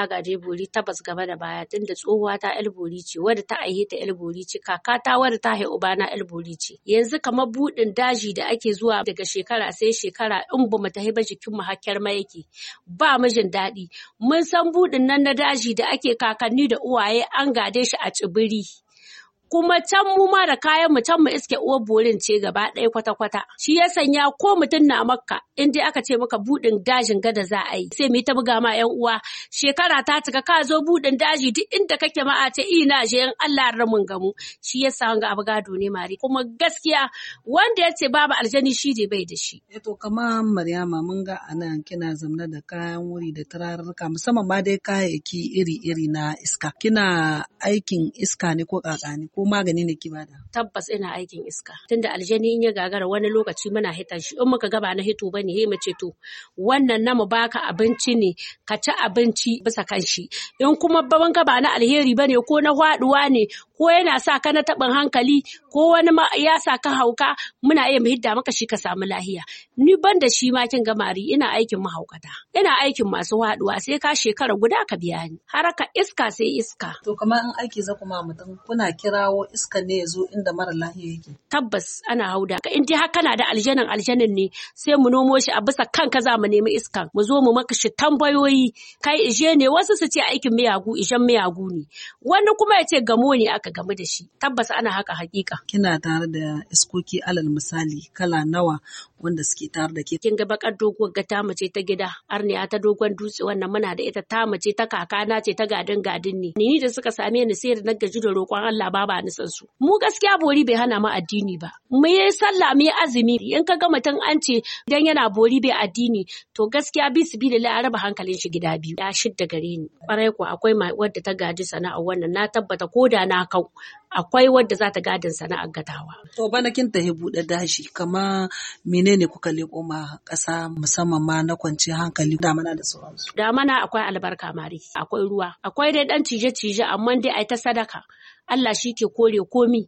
na gaje bori tabbas gaba da baya tunda da tsohuwa ta yar bori ce wadda ta aihe ta yar bori ce kaka ta wadda ta haihu ubana yar bori ce yanzu kamar budin daji da ake zuwa daga shekara sai shekara in bamu ta tahi ba jikin mu hakkar ma yake ba mijin daɗi mun san budin nan na daji da ake kakanni da uwaye an gade shi a tsibiri kuma can mu ma da kayan mu can mu iske uwar borin ce gaba ɗaya kwata-kwata. Shi ya sanya ko mutum na makka in dai aka ce maka buɗin dajin gada za a yi sai mu yi ta buga ma 'yan uwa shekara ta cika ka zo buɗin daji duk inda kake ma a ce ina je in Allah ya gamu shi ya sa ga abu gado ne mari kuma gaskiya wanda ya ce babu aljani shi dai bai da shi. Eh to kama Maryama mun ga anan kina zamna da kayan wuri da turaruka musamman ma dai kayayyaki iri-iri na iska kina aikin iska ne ko kaka ne ko magani ne ki bada tabbas ina aikin iska tunda aljani in ya gagara wani lokaci muna hitan shi in muka gaba na hito bane he mu ce to wannan na mu baka abinci ne ka ci abinci bisa kan shi in kuma ban gaba na alheri bane ko na faduwa ne ko yana sa ka na taɓin hankali ko wani ya sa ka hauka muna iya muhidda maka shi ka samu lahiya ni ban da shi ma kin gamari ina aikin mahaukata ina aikin masu haɗuwa sai ka shekara guda ka biya ni haraka iska sai iska to kamar in aiki za kuma mutum kuna kirawo iska ne ya zo inda mara lahiya yake tabbas ana hauda in dai haka na da aljanin aljanin ne sai mu nomo shi a bisa kanka za mu nemi iskan mu zo mu maka shi tambayoyi kai ije ne wasu su ce aikin miyagu ijen miyagu ne wani kuma ya ce gamo ne aka ka game da shi tabbas ana haka hakika kina tare da iskoki alal misali kala nawa wanda suke tare da ke kin ga bakar doguwar ga tamace ta gida arniya ta dogon dutse wannan muna da ita tamace mace ta na ce ta gadin gadin ne ni da suka same ni sai da na gaji da roƙon Allah baba ni san su mu gaskiya bori bai hana mu addini ba mu yi sallah mu yi azumi in ka ga mutum an ce dan yana bori bai addini to gaskiya bi su bi da laraba hankalin shi gida biyu ya shidda gare ni kwarai ko akwai wadda ta gaji sana'a wannan na tabbata ko da na kawo hau akwai wadda za ta gadin sana'ar gadawa. To bana kin ya buɗe dashi kama menene kuka leƙo ma ƙasa musamman ma na kwanciyar hankali damana da sauransu. Damana akwai albarka mari akwai ruwa akwai dai ɗan cije-cije amma dai ai ta sadaka Allah shi ke kore komi.